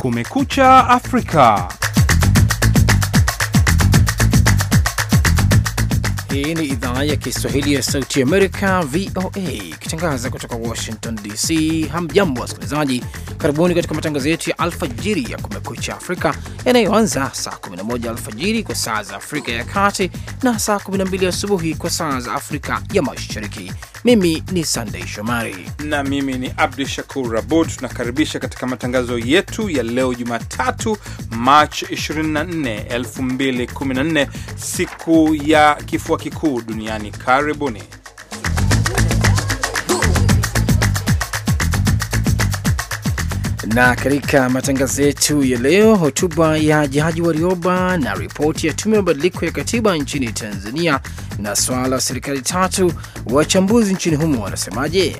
Kumekucha Afrika. Hii ni idhaa ya Kiswahili ya Sauti Amerika, VOA, ikitangaza kutoka Washington DC. Hamjambo wasikilizaji, karibuni katika matangazo yetu ya alfajiri ya Kumekucha Afrika yanayoanza saa 11 alfajiri kwa saa za Afrika ya Kati na saa 12 asubuhi kwa saa za Afrika ya Mashariki. Mimi ni Sandei Shomari na mimi ni Abdu Shakur Abud. Tunakaribisha katika matangazo yetu ya leo Jumatatu, Machi 24, 2014, siku ya kifua kikuu duniani. Karibuni. Na katika matangazo yetu ya leo, hotuba ya Jaji Warioba na ripoti ya tume ya mabadiliko ya katiba nchini Tanzania na swala la serikali tatu, wachambuzi nchini humo wanasemaje?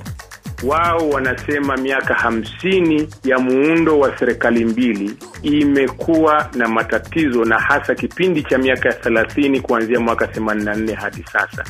wao wanasema miaka hamsini ya muundo wa serikali mbili imekuwa na matatizo na hasa kipindi cha miaka ya thelathini kuanzia mwaka 84 hadi sasa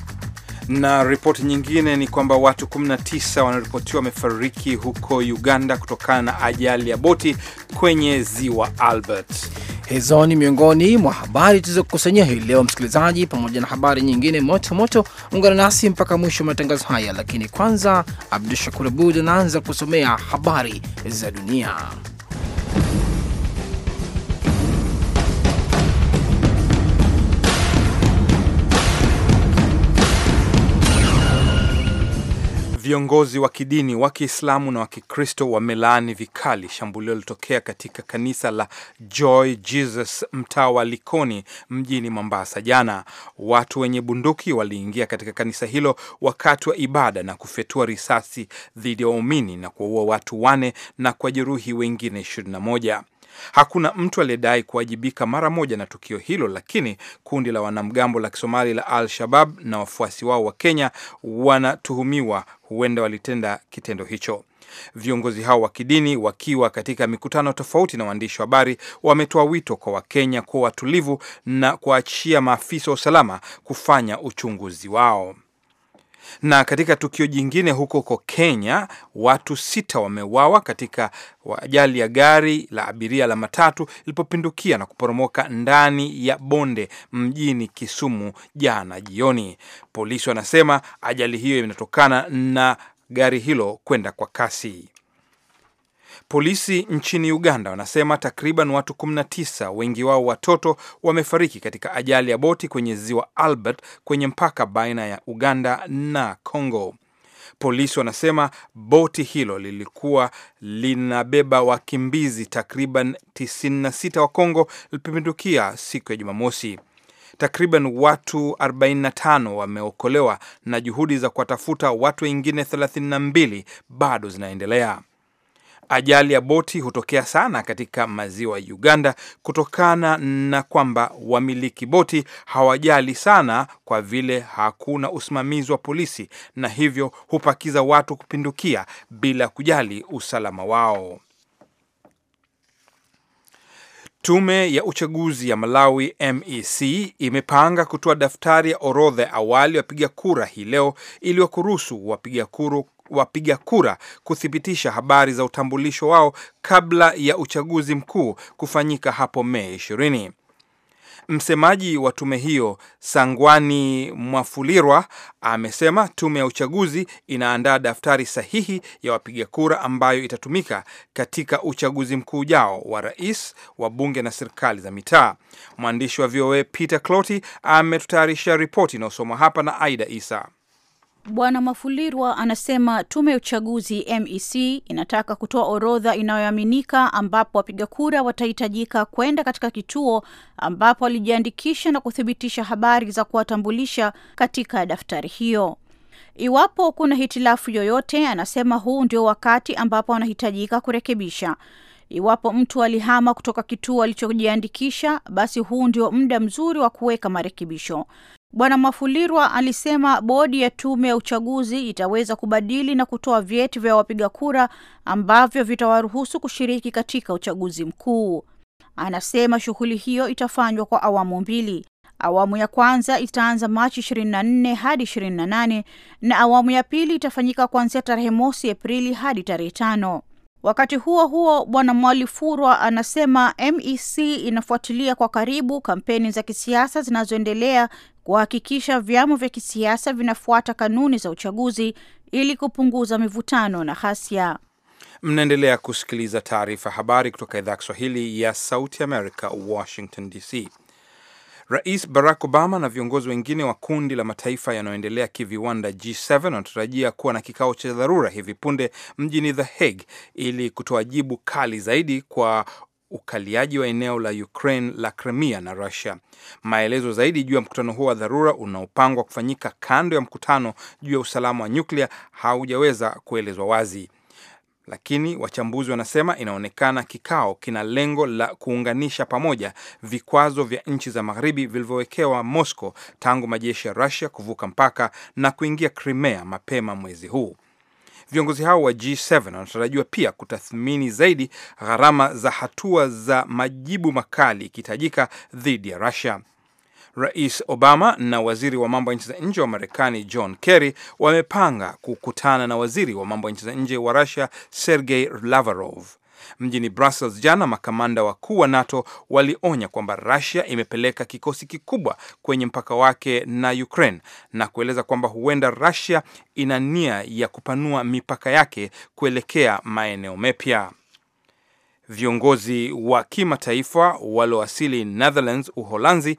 na ripoti nyingine ni kwamba watu 19 wanaripotiwa wamefariki huko Uganda kutokana na ajali ya boti kwenye ziwa Albert. Hizo ni miongoni mwa habari tulizokusanyia hii leo, msikilizaji, pamoja na habari nyingine moto moto. Ungana nasi mpaka mwisho wa matangazo haya, lakini kwanza, Abdu Shakur Abud anaanza kusomea habari za dunia. Viongozi wa kidini wa Kiislamu na wa Kikristo wamelaani vikali shambulio lilotokea katika kanisa la Joy Jesus mtaa wa Likoni mjini Mombasa jana. Watu wenye bunduki waliingia katika kanisa hilo wakati wa ibada na kufyatua risasi dhidi ya waumini na kuwaua watu wane na kujeruhi wengine 21. Hakuna mtu aliyedai kuwajibika mara moja na tukio hilo, lakini kundi la wanamgambo la Kisomali la Al-Shabab na wafuasi wao wa Kenya wanatuhumiwa huenda walitenda kitendo hicho. Viongozi hao wa kidini wakiwa katika mikutano tofauti na waandishi wa habari wametoa wito kwa Wakenya kuwa watulivu na kuachia maafisa wa usalama kufanya uchunguzi wao. Na katika tukio jingine huko huko Kenya, watu sita wameuawa katika ajali ya gari la abiria la matatu ilipopindukia na kuporomoka ndani ya bonde mjini Kisumu jana jioni. Polisi wanasema ajali hiyo inatokana na gari hilo kwenda kwa kasi. Polisi nchini Uganda wanasema takriban watu 19 wengi wao watoto wamefariki katika ajali ya boti kwenye ziwa Albert kwenye mpaka baina ya Uganda na Congo. Polisi wanasema boti hilo lilikuwa linabeba wakimbizi takriban 96 wa Kongo lilipindukia siku ya Jumamosi. Takriban watu 45 wameokolewa na juhudi za kuwatafuta watu wengine 32 bado zinaendelea. Ajali ya boti hutokea sana katika maziwa ya Uganda kutokana na kwamba wamiliki boti hawajali sana, kwa vile hakuna usimamizi wa polisi, na hivyo hupakiza watu kupindukia bila kujali usalama wao. Tume ya uchaguzi ya Malawi MEC imepanga kutoa daftari ya orodha ya awali wapiga kura hii leo ili wakuruhusu wapiga wapiga kura kuthibitisha habari za utambulisho wao kabla ya uchaguzi mkuu kufanyika hapo Mei ishirini Msemaji wa tume hiyo Sangwani Mwafulirwa amesema tume ya uchaguzi inaandaa daftari sahihi ya wapiga kura ambayo itatumika katika uchaguzi mkuu ujao wa rais, wa bunge na serikali za mitaa. Mwandishi wa VOA Peter Cloti ametutayarisha ripoti inayosomwa hapa na Aida Isa. Bwana Mafulirwa anasema tume ya uchaguzi MEC inataka kutoa orodha inayoaminika ambapo wapiga kura watahitajika kwenda katika kituo ambapo walijiandikisha na kuthibitisha habari za kuwatambulisha katika daftari hiyo. Iwapo kuna hitilafu yoyote, anasema huu ndio wakati ambapo wanahitajika kurekebisha. Iwapo mtu alihama kutoka kituo alichojiandikisha, basi huu ndio muda mzuri wa kuweka marekebisho. Bwana Mafulirwa alisema bodi ya tume ya uchaguzi itaweza kubadili na kutoa vyeti vya wapiga kura ambavyo vitawaruhusu kushiriki katika uchaguzi mkuu. Anasema shughuli hiyo itafanywa kwa awamu mbili. Awamu ya kwanza itaanza Machi 24 hadi 28 na awamu ya pili itafanyika kuanzia tarehe mosi Aprili hadi tarehe tano. Wakati huo huo, Bwana Mwalifurwa anasema MEC inafuatilia kwa karibu kampeni za kisiasa zinazoendelea kuhakikisha vyama vya kisiasa vinafuata kanuni za uchaguzi ili kupunguza mivutano na ghasia. Mnaendelea kusikiliza taarifa habari kutoka idhaa ya Kiswahili ya Sauti Amerika, Washington DC. Rais Barack Obama na viongozi wengine wa kundi la mataifa yanayoendelea kiviwanda G7 wanatarajia kuwa na kikao cha dharura hivi punde mjini The Hague ili kutoa jibu kali zaidi kwa ukaliaji wa eneo la Ukraine la Crimea na Russia. Maelezo zaidi juu ya mkutano huo wa dharura unaopangwa kufanyika kando ya mkutano juu ya usalama wa nyuklia haujaweza kuelezwa wazi lakini wachambuzi wanasema inaonekana kikao kina lengo la kuunganisha pamoja vikwazo vya nchi za magharibi vilivyowekewa Moscow tangu majeshi ya Russia kuvuka mpaka na kuingia Crimea mapema mwezi huu. Viongozi hao wa G7 wanatarajiwa pia kutathmini zaidi gharama za hatua za majibu makali ikihitajika dhidi ya Russia. Rais Obama na waziri wa mambo ya nchi za nje wa Marekani John Kerry wamepanga kukutana na waziri wa mambo ya nchi za nje wa Russia Sergei Lavrov. Mjini Brussels jana, makamanda wakuu wa NATO walionya kwamba Russia imepeleka kikosi kikubwa kwenye mpaka wake na Ukraine na kueleza kwamba huenda Russia ina nia ya kupanua mipaka yake kuelekea maeneo mapya. Viongozi wa kimataifa waliowasili Netherlands, Uholanzi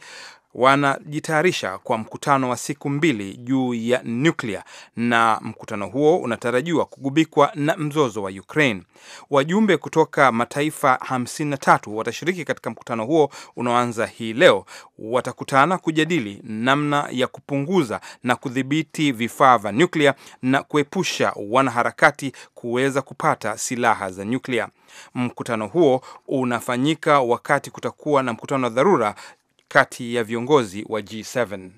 wanajitayarisha kwa mkutano wa siku mbili juu ya nyuklia na mkutano huo unatarajiwa kugubikwa na mzozo wa Ukraine. Wajumbe kutoka mataifa 53 watashiriki katika mkutano huo unaoanza hii leo. Watakutana kujadili namna ya kupunguza na kudhibiti vifaa vya nyuklia na kuepusha wanaharakati kuweza kupata silaha za nyuklia. Mkutano huo unafanyika wakati kutakuwa na mkutano wa dharura kati ya viongozi wa G7.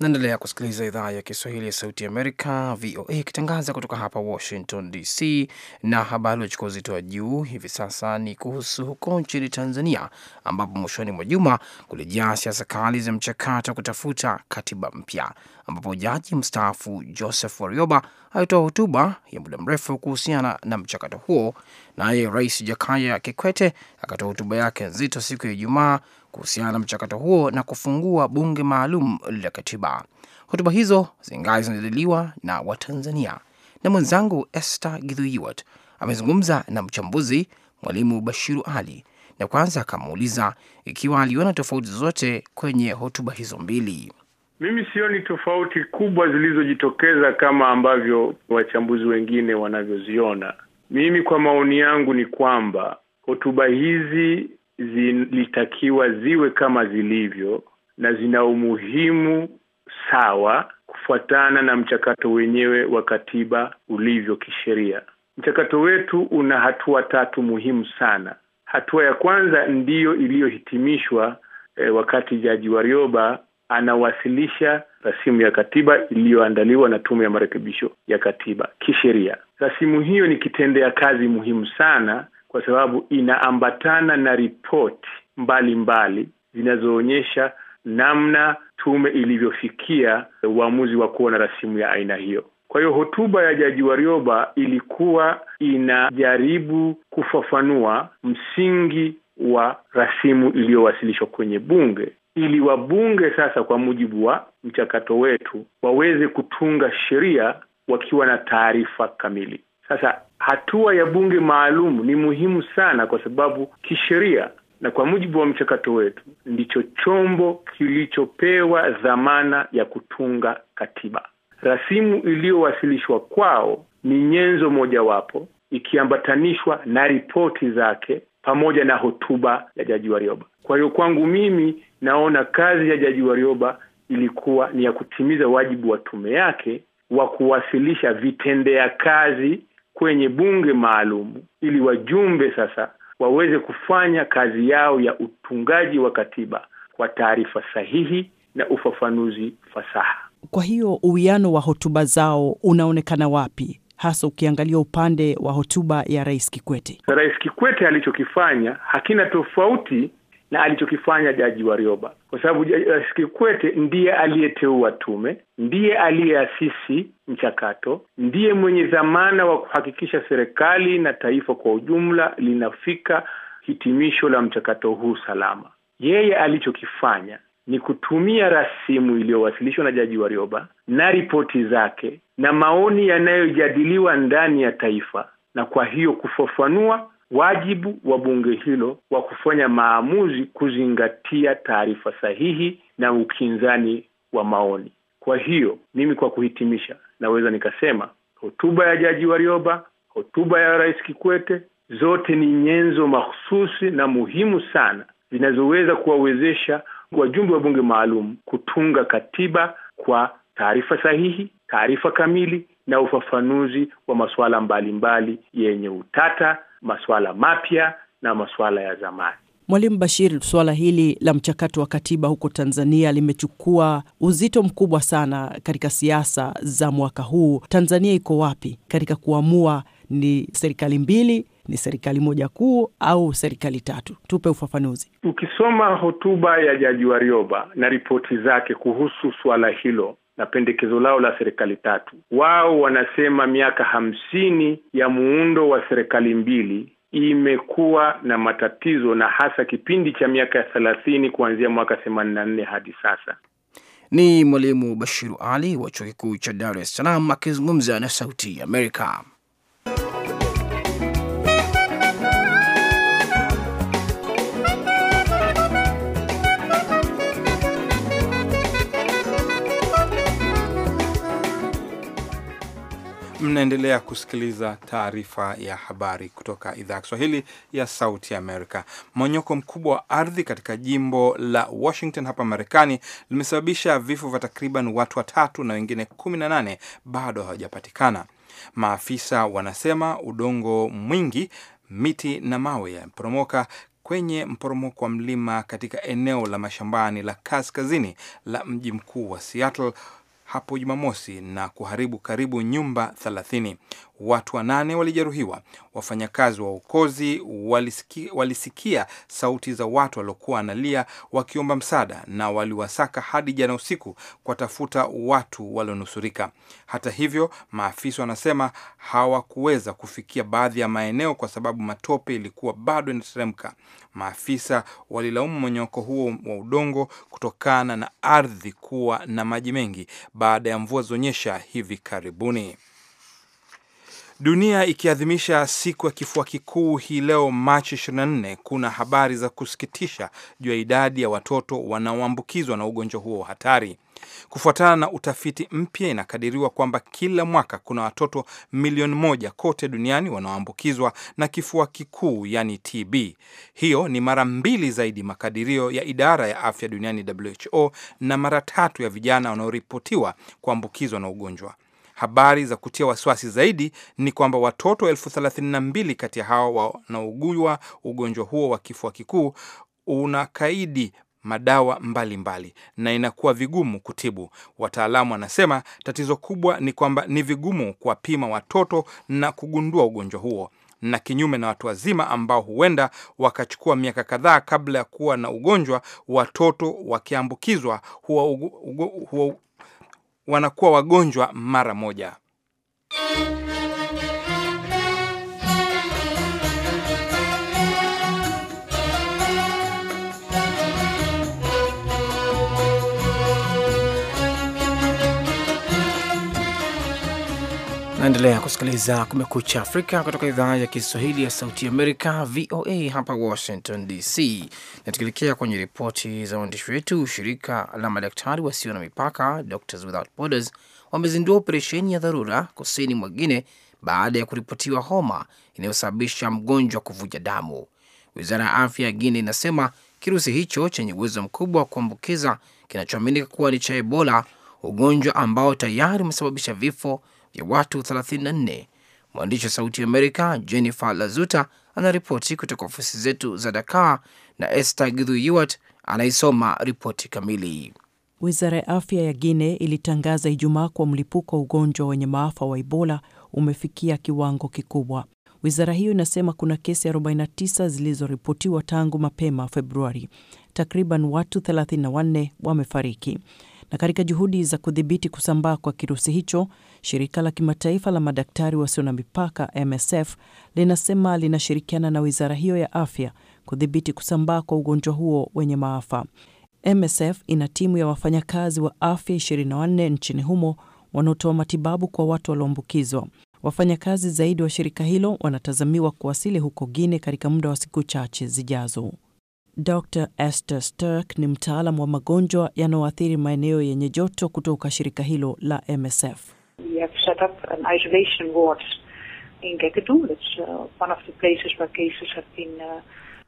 Naendelea kusikiliza idhaa ya Kiswahili ya Sauti Amerika, VOA, ikitangaza kutoka hapa Washington DC. Na habari wachukua uzito wa juu hivi sasa ni kuhusu huko nchini Tanzania, ambapo mwishoni mwa juma kulijaa siasa kali za mchakato wa kutafuta katiba mpya, ambapo jaji mstaafu Joseph Warioba alitoa hotuba ya muda mrefu kuhusiana na mchakato huo. Naye Rais Jakaya Kikwete akatoa hotuba yake nzito siku ya Ijumaa kuhusiana na mchakato huo na kufungua bunge maalum la katiba. Hotuba hizo zingali zinajadiliwa na Watanzania, na mwenzangu Esther Githuiwat amezungumza na mchambuzi Mwalimu Bashiru Ali na kwanza akamuuliza ikiwa aliona tofauti zozote kwenye hotuba hizo mbili. Mimi sioni tofauti kubwa zilizojitokeza kama ambavyo wachambuzi wengine wanavyoziona. Mimi kwa maoni yangu ni kwamba hotuba hizi zilitakiwa ziwe kama zilivyo na zina umuhimu sawa kufuatana na mchakato wenyewe wa katiba ulivyo kisheria. Mchakato wetu una hatua tatu muhimu sana. Hatua ya kwanza ndiyo iliyohitimishwa e, wakati Jaji Warioba anawasilisha rasimu ya katiba iliyoandaliwa na Tume ya Marekebisho ya Katiba kisheria. Rasimu hiyo ni kitendea kazi muhimu sana kwa sababu inaambatana na ripoti mbalimbali zinazoonyesha namna tume ilivyofikia uamuzi wa kuwa na rasimu ya aina hiyo. Kwa hiyo hotuba ya Jaji Warioba ilikuwa inajaribu kufafanua msingi wa rasimu iliyowasilishwa kwenye bunge ili wabunge sasa, kwa mujibu wa mchakato wetu, waweze kutunga sheria wakiwa na taarifa kamili. Sasa hatua ya bunge maalum ni muhimu sana, kwa sababu kisheria na kwa mujibu wa mchakato wetu ndicho chombo kilichopewa dhamana ya kutunga katiba. Rasimu iliyowasilishwa kwao ni nyenzo mojawapo, ikiambatanishwa na ripoti zake pamoja na hotuba ya Jaji Warioba. Kwa hiyo kwangu mimi naona kazi ya Jaji Warioba ilikuwa ni ya kutimiza wajibu wa tume yake wa kuwasilisha vitendea kazi kwenye bunge maalum ili wajumbe sasa waweze kufanya kazi yao ya utungaji wa katiba kwa taarifa sahihi na ufafanuzi fasaha. Kwa hiyo uwiano wa hotuba zao unaonekana wapi, hasa ukiangalia upande wa hotuba ya Rais Kikwete? Rais Kikwete alichokifanya hakina tofauti na alichokifanya Jaji Warioba, kwa sababu Rais eh, eh, Kikwete ndiye aliyeteua tume, ndiye aliyeasisi mchakato, ndiye mwenye dhamana wa kuhakikisha serikali na taifa kwa ujumla linafika hitimisho la mchakato huu salama. Yeye alichokifanya ni kutumia rasimu iliyowasilishwa na Jaji Warioba na ripoti zake na maoni yanayojadiliwa ndani ya taifa, na kwa hiyo kufafanua wajibu wa bunge hilo wa kufanya maamuzi kuzingatia taarifa sahihi na ukinzani wa maoni. Kwa hiyo mimi, kwa kuhitimisha, naweza nikasema hotuba ya Jaji Warioba, hotuba ya Rais Kikwete zote ni nyenzo mahususi na muhimu sana zinazoweza kuwawezesha wajumbe wa bunge maalum kutunga katiba kwa taarifa sahihi, taarifa kamili na ufafanuzi wa masuala mbalimbali yenye utata, masuala mapya na masuala ya zamani. Mwalimu Bashir, suala hili la mchakato wa katiba huko Tanzania limechukua uzito mkubwa sana katika siasa za mwaka huu. Tanzania iko wapi katika kuamua ni serikali mbili, ni serikali moja kuu au serikali tatu? Tupe ufafanuzi. Ukisoma hotuba ya Jaji Warioba na ripoti zake kuhusu suala hilo, na pendekezo lao la serikali tatu. Wao wanasema miaka hamsini ya muundo wa serikali mbili imekuwa na matatizo na hasa kipindi cha miaka thelathini kuanzia mwaka themanini na nne hadi sasa. Ni Mwalimu Bashiru Ali wa Chuo Kikuu cha Dar es Salaam akizungumza na Sauti ya Amerika. Mnaendelea kusikiliza taarifa ya habari kutoka idhaa ya Kiswahili ya Sauti Amerika. Mmonyoko mkubwa wa ardhi katika jimbo la Washington hapa Marekani limesababisha vifo vya takriban watu watatu na wengine 18 bado hawajapatikana. Maafisa wanasema udongo mwingi, miti na mawe yameporomoka kwenye mporomoko wa mlima katika eneo la mashambani la kaskazini la mji mkuu wa Seattle hapo Jumamosi na kuharibu karibu nyumba thelathini watu wanane walijeruhiwa. Wafanyakazi wa uokozi walisikia, walisikia sauti za watu waliokuwa wanalia wakiomba msaada na waliwasaka hadi jana usiku kuwatafuta watu walionusurika. Hata hivyo, maafisa wanasema hawakuweza kufikia baadhi ya maeneo kwa sababu matope ilikuwa bado inateremka. Maafisa walilaumu mwenyeoko huo wa udongo kutokana na ardhi kuwa na maji mengi baada ya mvua zonyesha hivi karibuni. Dunia ikiadhimisha siku ya kifua kikuu hii leo Machi 24, kuna habari za kusikitisha juu ya idadi ya watoto wanaoambukizwa na ugonjwa huo wa hatari. Kufuatana na utafiti mpya, inakadiriwa kwamba kila mwaka kuna watoto milioni moja kote duniani wanaoambukizwa na kifua kikuu, yani TB. Hiyo ni mara mbili zaidi makadirio ya idara ya afya duniani WHO na mara tatu ya vijana wanaoripotiwa kuambukizwa na ugonjwa Habari za kutia wasiwasi zaidi ni kwamba watoto elfu thelathini na mbili kati ya hao wanaugua ugonjwa huo wa kifua kikuu unakaidi madawa mbalimbali mbali, na inakuwa vigumu kutibu. Wataalamu wanasema tatizo kubwa ni kwamba ni vigumu kuwapima watoto na kugundua ugonjwa huo, na kinyume na watu wazima ambao huenda wakachukua miaka kadhaa kabla ya kuwa na ugonjwa, watoto wakiambukizwa huwa, ugu, huwa wanakuwa wagonjwa mara moja. Naendelea kusikiliza Kumekucha Afrika kutoka idhaa ya Kiswahili ya Sauti Amerika, VOA hapa Washington DC. Na tukielekea kwenye ripoti za waandishi wetu, shirika la madaktari wasio na mipaka, Doctors Without Borders, wamezindua operesheni ya dharura kusini mwa Guine baada ya kuripotiwa homa inayosababisha mgonjwa kuvuja damu. Wizara ya afya ya Guine inasema kirusi hicho chenye uwezo mkubwa wa kuambukiza kinachoaminika kuwa ni cha Ebola, ugonjwa ambao tayari umesababisha vifo ya watu 34. Mwandishi wa Sauti Amerika Jennifer Lazuta anaripoti kutoka ofisi zetu za Dakar na Esther githu anaisoma ripoti kamili. Wizara ya afya ya guine ilitangaza Ijumaa kuwa mlipuko wa ugonjwa wenye maafa wa Ebola umefikia kiwango kikubwa. Wizara hiyo inasema kuna kesi 49 zilizoripotiwa tangu mapema Februari. Takriban watu 34 wamefariki. Na katika juhudi za kudhibiti kusambaa kwa kirusi hicho, Shirika la kimataifa la madaktari wasio na mipaka MSF linasema linashirikiana na wizara hiyo ya afya kudhibiti kusambaa kwa ugonjwa huo wenye maafa. MSF ina timu ya wafanyakazi wa afya 24 nchini humo wanaotoa matibabu kwa watu walioambukizwa. Wafanyakazi zaidi wa shirika hilo wanatazamiwa kuwasili huko Guinea katika muda wa siku chache zijazo. Dr Esther Sturk ni mtaalam wa magonjwa yanayoathiri maeneo yenye joto kutoka shirika hilo la MSF. We have set up an isolation ward in It's uh, one of the places where cases have been uh,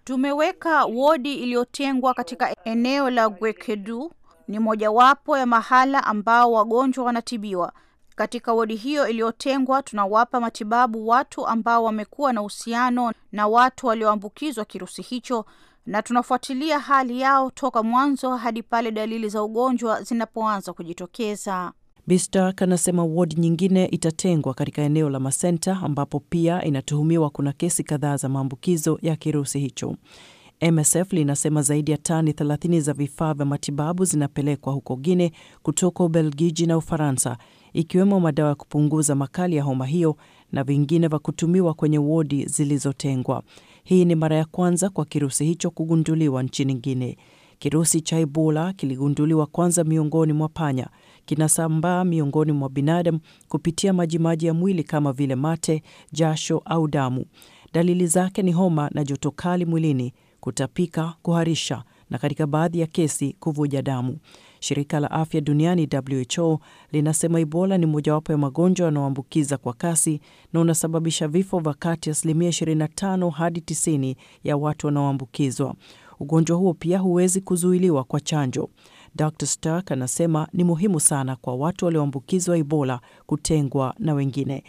Tumeweka wodi iliyotengwa katika eneo la Gwekedu. Ni mojawapo ya mahala ambao wagonjwa wanatibiwa. Katika wodi hiyo iliyotengwa, tunawapa matibabu watu ambao wamekuwa na uhusiano na watu walioambukizwa kirusi hicho, na tunafuatilia hali yao toka mwanzo hadi pale dalili za ugonjwa zinapoanza kujitokeza. B anasema wodi nyingine itatengwa katika eneo la Masenta ambapo pia inatuhumiwa kuna kesi kadhaa za maambukizo ya kirusi hicho. MSF linasema zaidi ya tani 30 za vifaa vya matibabu zinapelekwa huko Guine kutoka Ubelgiji na Ufaransa, ikiwemo madawa ya kupunguza makali ya homa hiyo na vingine vya kutumiwa kwenye wodi zilizotengwa. Hii ni mara ya kwanza kwa kirusi hicho kugunduliwa nchini Guine. Kirusi cha Ebola kiligunduliwa kwanza miongoni mwa panya kinasambaa miongoni mwa binadamu kupitia majimaji ya mwili kama vile mate, jasho au damu. Dalili zake ni homa na joto kali mwilini, kutapika, kuharisha na katika baadhi ya kesi kuvuja damu. Shirika la Afya Duniani WHO linasema ibola ni mojawapo ya magonjwa yanayoambukiza kwa kasi na unasababisha vifo vya kati asilimia 25 hadi 90 ya watu wanaoambukizwa. Ugonjwa huo pia huwezi kuzuiliwa kwa chanjo. Dr Stark anasema ni muhimu sana kwa watu walioambukizwa Ebola kutengwa na wengine.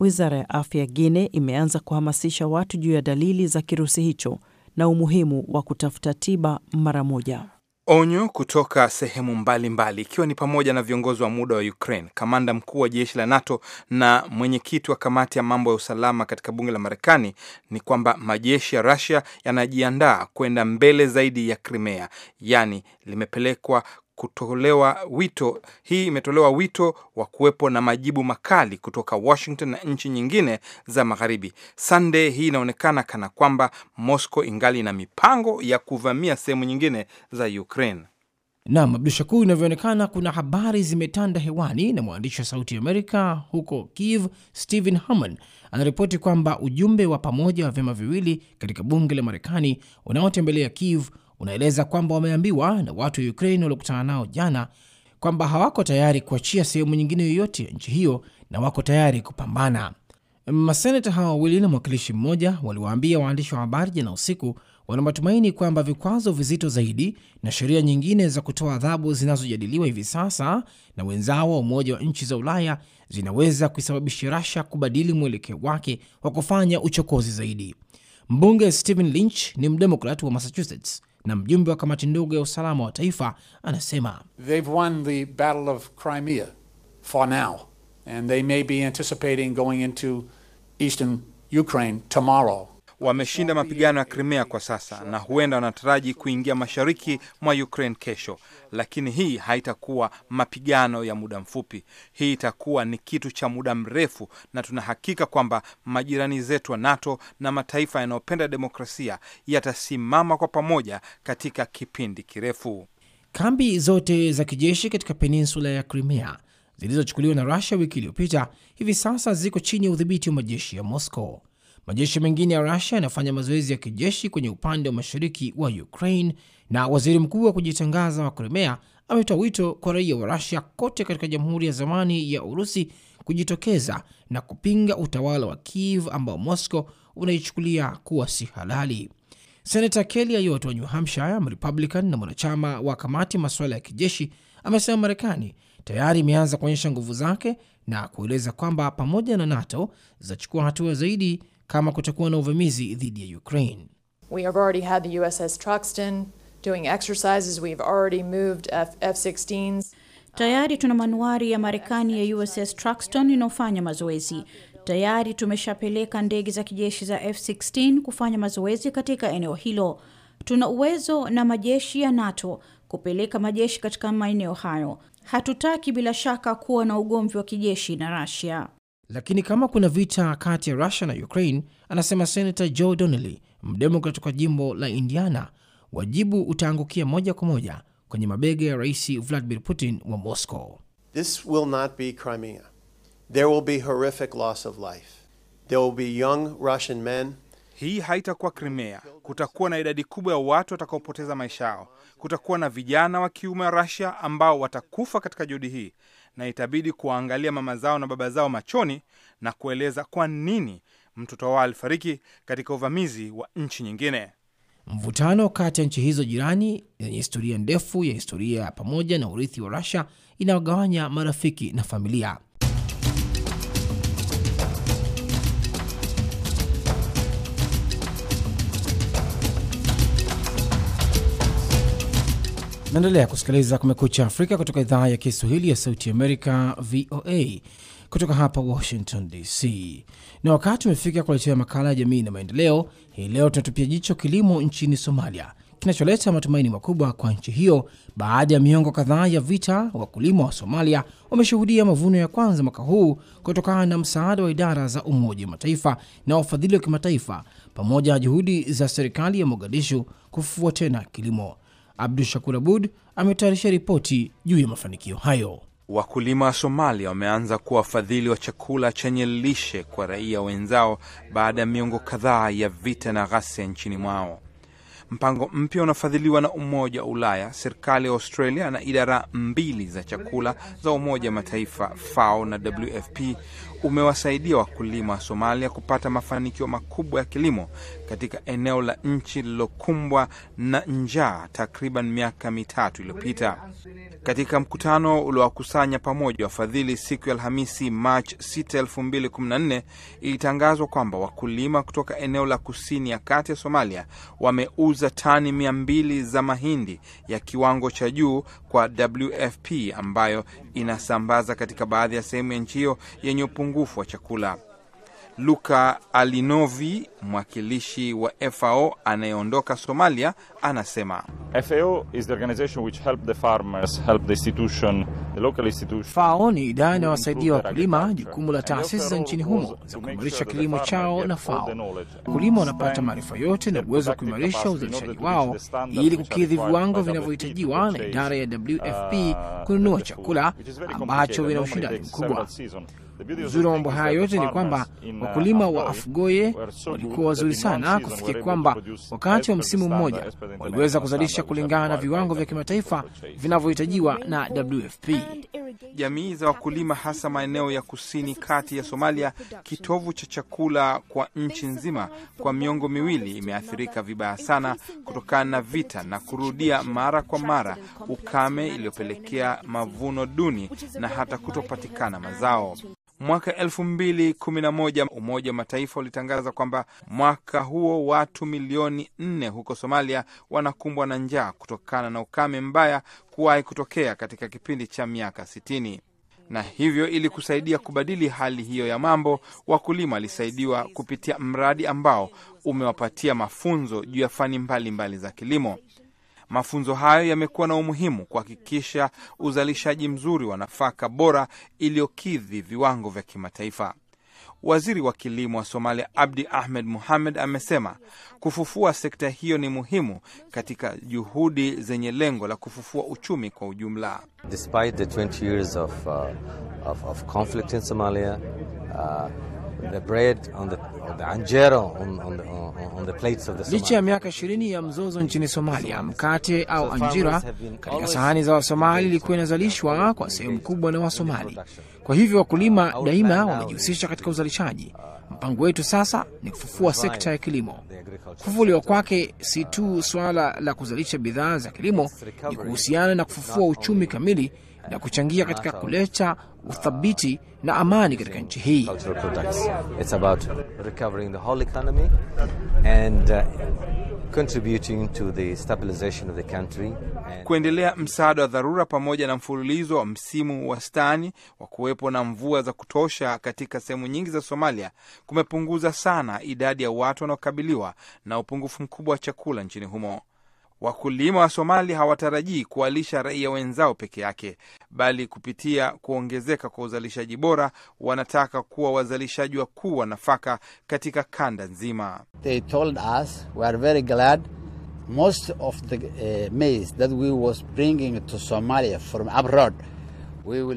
Wizara ya afya Guine imeanza kuhamasisha watu juu ya dalili za kirusi hicho na umuhimu wa kutafuta tiba mara moja. Onyo kutoka sehemu mbalimbali ikiwa mbali ni pamoja na viongozi wa muda wa Ukraine, kamanda mkuu wa jeshi la NATO na mwenyekiti wa kamati ya mambo ya usalama katika bunge la Marekani ni kwamba majeshi ya Russia yanajiandaa kwenda mbele zaidi ya Crimea, yaani limepelekwa kutolewa wito, hii imetolewa wito wa kuwepo na majibu makali kutoka Washington na nchi nyingine za magharibi. Sunday hii inaonekana kana kwamba Moscow ingali na mipango ya kuvamia sehemu nyingine za Ukraine. Nam Abdu Shakur, inavyoonekana kuna habari zimetanda hewani, na mwandishi wa Sauti ya Amerika huko Kiev Stephen Harmon anaripoti kwamba ujumbe wa pamoja wa vyama viwili katika bunge la Marekani unaotembelea Kiev unaeleza kwamba wameambiwa na watu wa Ukraine waliokutana nao jana kwamba hawako tayari kuachia sehemu nyingine yoyote ya nchi hiyo na wako tayari kupambana. Maseneta hawa wawili na mwakilishi mmoja waliwaambia waandishi wa habari jana usiku wana matumaini kwamba vikwazo vizito zaidi na sheria nyingine za kutoa adhabu zinazojadiliwa hivi sasa na wenzao wa Umoja wa Nchi za Ulaya zinaweza kuisababisha Rasha kubadili mwelekeo wake wa kufanya uchokozi zaidi. Mbunge Stephen Lynch ni mdemokrat wa Massachusetts na mjumbe wa kamati ndogo ya usalama wa taifa anasema They've won the battle of Crimea for now and they may be anticipating going into eastern Ukraine tomorrow wameshinda mapigano ya krimea kwa sasa na huenda wanataraji kuingia mashariki mwa Ukraine kesho, lakini hii haitakuwa mapigano ya muda mfupi. Hii itakuwa ni kitu cha muda mrefu, na tunahakika kwamba majirani zetu wa NATO na mataifa yanayopenda demokrasia yatasimama kwa pamoja katika kipindi kirefu. Kambi zote za kijeshi katika peninsula ya krimea zilizochukuliwa na Rusia wiki iliyopita hivi sasa ziko chini ya udhibiti wa majeshi ya Moscow. Majeshi mengine ya Rusia yanafanya mazoezi ya kijeshi kwenye upande wa mashariki wa Ukraine, na waziri mkuu wa kujitangaza wa krimea ametoa wito kwa raia wa Rusia kote katika jamhuri ya zamani ya Urusi kujitokeza na kupinga utawala wa Kiev ambao Moscow unaichukulia kuwa si halali. Senata Kelly Ayotte wa New Hampshire, Mrepublican na mwanachama wa kamati masuala ya kijeshi, amesema Marekani tayari imeanza kuonyesha nguvu zake na kueleza kwamba pamoja na NATO zitachukua hatua zaidi kama kutakuwa na uvamizi dhidi ya Ukraine. We have already had the USS doing exercises. already moved F-16s. Tayari tuna manuari ya Marekani ya USS truxton inayofanya mazoezi. Tayari tumeshapeleka ndege za kijeshi za F-16 kufanya mazoezi katika eneo hilo. Tuna uwezo na majeshi ya NATO kupeleka majeshi katika maeneo hayo. Hatutaki bila shaka kuwa na ugomvi wa kijeshi na Russia lakini kama kuna vita kati ya Rusia na Ukraine, anasema Senator Joe Donnelly, mdemokrat kwa jimbo la Indiana, wajibu utaangukia moja kwa moja kwenye mabega ya Rais Vladimir Putin wa Moscow. This will not be Crimea. There will be horrific loss of life. There will be young Russian men. Hii haitakuwa Crimea. Kutakuwa na idadi kubwa ya watu watakaopoteza maisha yao. Kutakuwa na vijana wa kiume wa Russia ambao watakufa katika juhudi hii na itabidi kuwaangalia mama zao na baba zao machoni na kueleza kwa nini mtoto wao alifariki katika uvamizi wa nchi nyingine. Mvutano kati ya nchi hizo jirani yenye historia ndefu ya historia pamoja na urithi wa rusia inayogawanya marafiki na familia. Naendelea kusikiliza Kumekucha Afrika kutoka idhaa ya Kiswahili ya Sauti Amerika, VOA, kutoka hapa Washington DC. Na wakati umefika kuletea makala ya jamii na maendeleo. Hii leo tunatupia jicho kilimo nchini Somalia kinacholeta matumaini makubwa kwa nchi hiyo baada ya miongo kadhaa ya vita. Wakulima wa Somalia wameshuhudia mavuno ya kwanza mwaka huu kutokana na msaada wa idara za Umoja wa Mataifa na wafadhili wa kimataifa pamoja na juhudi za serikali ya Mogadishu kufufua tena kilimo. Abdu Shakur Abud ametayarisha ripoti juu ya mafanikio hayo. Wakulima wa Somalia wameanza kuwa wafadhili wa chakula chenye lishe kwa raia wenzao baada ya miongo kadhaa ya vita na ghasia nchini mwao. Mpango mpya unafadhiliwa na Umoja wa Ulaya, serikali ya Australia na idara mbili za chakula za Umoja wa Mataifa, FAO na WFP, umewasaidia wakulima wa Somalia kupata mafanikio makubwa ya kilimo katika eneo la nchi lililokumbwa na njaa takriban miaka mitatu iliyopita. Katika mkutano uliowakusanya pamoja wafadhili siku ya Alhamisi, Machi 6, 2014 ilitangazwa kwamba wakulima kutoka eneo la kusini ya kati ya Somalia wameuza tani 200 za mahindi ya kiwango cha juu kwa WFP ambayo inasambaza katika baadhi ya sehemu ya nchi hiyo yenye upungufu upungufu wa chakula. Luka Alinovi, mwakilishi wa FAO anayeondoka Somalia, anasema FAO is the organization which help the farmers, help the institution, the local institution. FAO ni idara inayowasaidia wakulima, jukumu la taasisi za nchini humo za kuimarisha kilimo chao na FAO. Wakulima wanapata maarifa yote na uwezo wa kuimarisha uzalishaji wao ili kukidhi viwango vinavyohitajiwa e na idara ya WFP uh, kununua chakula ambacho vina ushindani mkubwa. Uzuri wa mambo haya yote ni kwamba wakulima wa Afgoye walikuwa wazuri sana kufikia kwamba wakati wa msimu mmoja waliweza kuzalisha kulingana na viwango vya kimataifa vinavyohitajiwa na WFP. Jamii za wakulima hasa maeneo ya kusini kati ya Somalia, kitovu cha chakula kwa nchi nzima, kwa miongo miwili imeathirika vibaya sana kutokana na vita na kurudia mara kwa mara ukame iliyopelekea mavuno duni na hata kutopatikana mazao. Mwaka elfu Umoja wa Mataifa ulitangaza kwamba mwaka huo watu milioni nne huko Somalia wanakumbwa na njaa kutokana na ukame mbaya kuwahi kutokea katika kipindi cha miaka 60 na hivyo ili kusaidia kubadili hali hiyo ya mambo, wakulima walisaidiwa kupitia mradi ambao umewapatia mafunzo juu ya fani mbalimbali mbali za kilimo. Mafunzo hayo yamekuwa na umuhimu kuhakikisha uzalishaji mzuri wa nafaka bora iliyokidhi viwango vya kimataifa. Waziri wa kilimo wa Somalia Abdi Ahmed muhamed amesema kufufua sekta hiyo ni muhimu katika juhudi zenye lengo la kufufua uchumi kwa ujumla. Despite the 20 years of, uh, of, of conflict in Somalia, uh, Licha ya miaka ishirini ya mzozo nchini Somalia, mkate au anjira katika sahani za Wasomali ilikuwa inazalishwa kwa sehemu kubwa na Wasomali. Kwa hivyo wakulima daima wamejihusisha katika uzalishaji. Uh, Mpango wetu sasa ni kufufua sekta ya kilimo. Kufufuliwa kwake si tu uh, suala la kuzalisha bidhaa za kilimo, ni kuhusiana na kufufua uchumi kamili na kuchangia katika kuleta uthabiti na amani katika nchi hii. Kuendelea msaada wa dharura pamoja na mfululizo wa msimu wastani wa kuwepo na mvua za kutosha katika sehemu nyingi za Somalia kumepunguza sana idadi ya watu wanaokabiliwa na upungufu mkubwa wa chakula nchini humo. Wakulima wa Somali hawatarajii kuwalisha raia wenzao peke yake, bali kupitia kuongezeka kwa uzalishaji bora, wanataka kuwa wazalishaji wakuu wa nafaka katika kanda nzima. They told us we are very glad most of the uh, maize that we was bringing to Somalia from abroad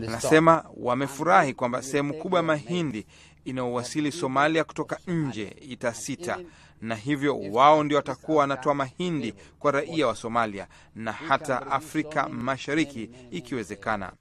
Anasema wamefurahi kwamba sehemu kubwa ya mahindi inayowasili Somalia kutoka nje itasita na hivyo wao ndio watakuwa wanatoa mahindi kwa raia wa Somalia na hata Afrika Mashariki ikiwezekana.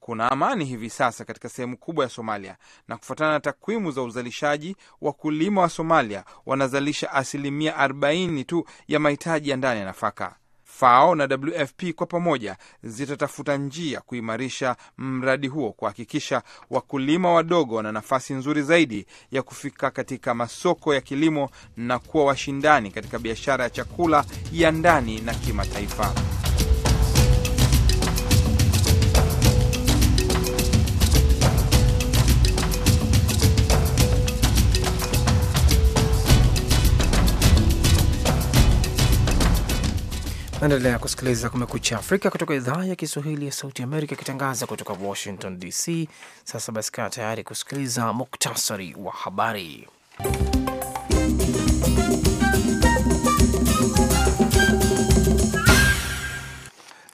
Kuna amani hivi sasa katika sehemu kubwa ya Somalia, na kufuatana na takwimu za uzalishaji, wakulima wa Somalia wanazalisha asilimia 40 tu ya mahitaji ya ndani ya nafaka. FAO na WFP kwa pamoja zitatafuta njia kuimarisha mradi huo, kuhakikisha wakulima wadogo wana nafasi nzuri zaidi ya kufika katika masoko ya kilimo na kuwa washindani katika biashara ya chakula ya ndani na kimataifa. Naendelea kusikiliza Kumekucha Afrika kutoka idhaa ya Kiswahili ya Sauti Amerika ikitangaza kutoka Washington DC. Sasa basi, kaa tayari kusikiliza muktasari wa habari.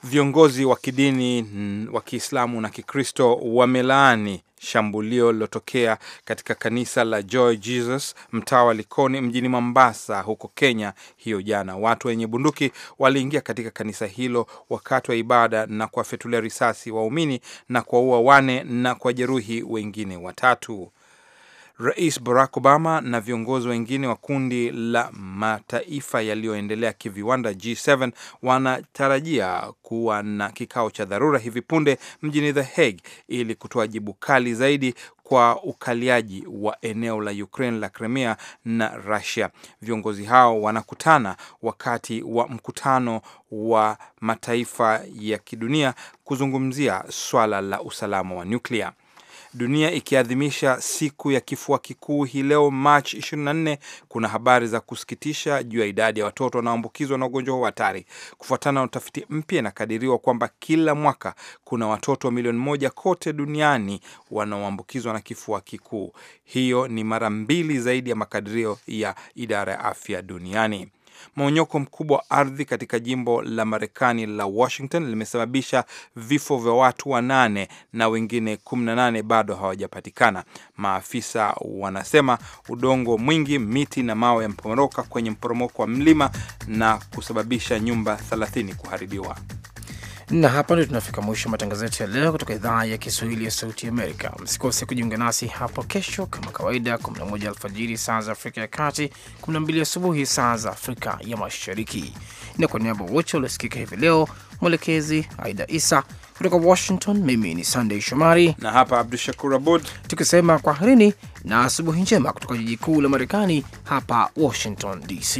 Viongozi wa kidini wa Kiislamu na Kikristo wamelaani shambulio lilotokea katika kanisa la Joy Jesus mtaa wa Likoni mjini Mombasa huko Kenya hiyo jana. Watu wenye bunduki waliingia katika kanisa hilo wakati wa ibada na kuwafyatulia risasi waumini na kuwaua wane na kuwajeruhi wengine watatu. Rais Barack Obama na viongozi wengine wa kundi la mataifa yaliyoendelea kiviwanda G7 wanatarajia kuwa na kikao cha dharura hivi punde mjini The Hague ili kutoa jibu kali zaidi kwa ukaliaji wa eneo la Ukraine la Crimea na Russia. Viongozi hao wanakutana wakati wa mkutano wa mataifa ya kidunia kuzungumzia swala la usalama wa nyuklia dunia ikiadhimisha siku ya kifua kikuu hii leo Machi 24, kuna habari za kusikitisha juu ya idadi ya watoto wanaoambukizwa na ugonjwa huu hatari. Kufuatana na utafiti mpya, inakadiriwa kwamba kila mwaka kuna watoto milioni moja kote duniani wanaoambukizwa na kifua kikuu. Hiyo ni mara mbili zaidi ya makadirio ya idara ya afya duniani. Mmonyoko mkubwa wa ardhi katika jimbo la Marekani la Washington limesababisha vifo vya watu wanane na wengine 18 bado hawajapatikana. Maafisa wanasema udongo mwingi, miti na mawe yameporomoka kwenye mporomoko wa mlima na kusababisha nyumba 30 kuharibiwa. Na hapa ndio tunafika mwisho matangazo yetu ya leo kutoka idhaa ya Kiswahili ya Sauti Amerika. Msikose kujiunga nasi hapo kesho kama kawaida, 11 alfajiri saa za Afrika ya Kati, 12 asubuhi saa za Afrika ya Mashariki. Na kwa niaba wote waliosikika hivi leo, mwelekezi Aida Isa kutoka Washington, mimi ni Sandey Shomari na hapa Abdu Shakur Abud tukisema kwaherini na asubuhi njema kutoka jiji kuu la Marekani, hapa Washington DC.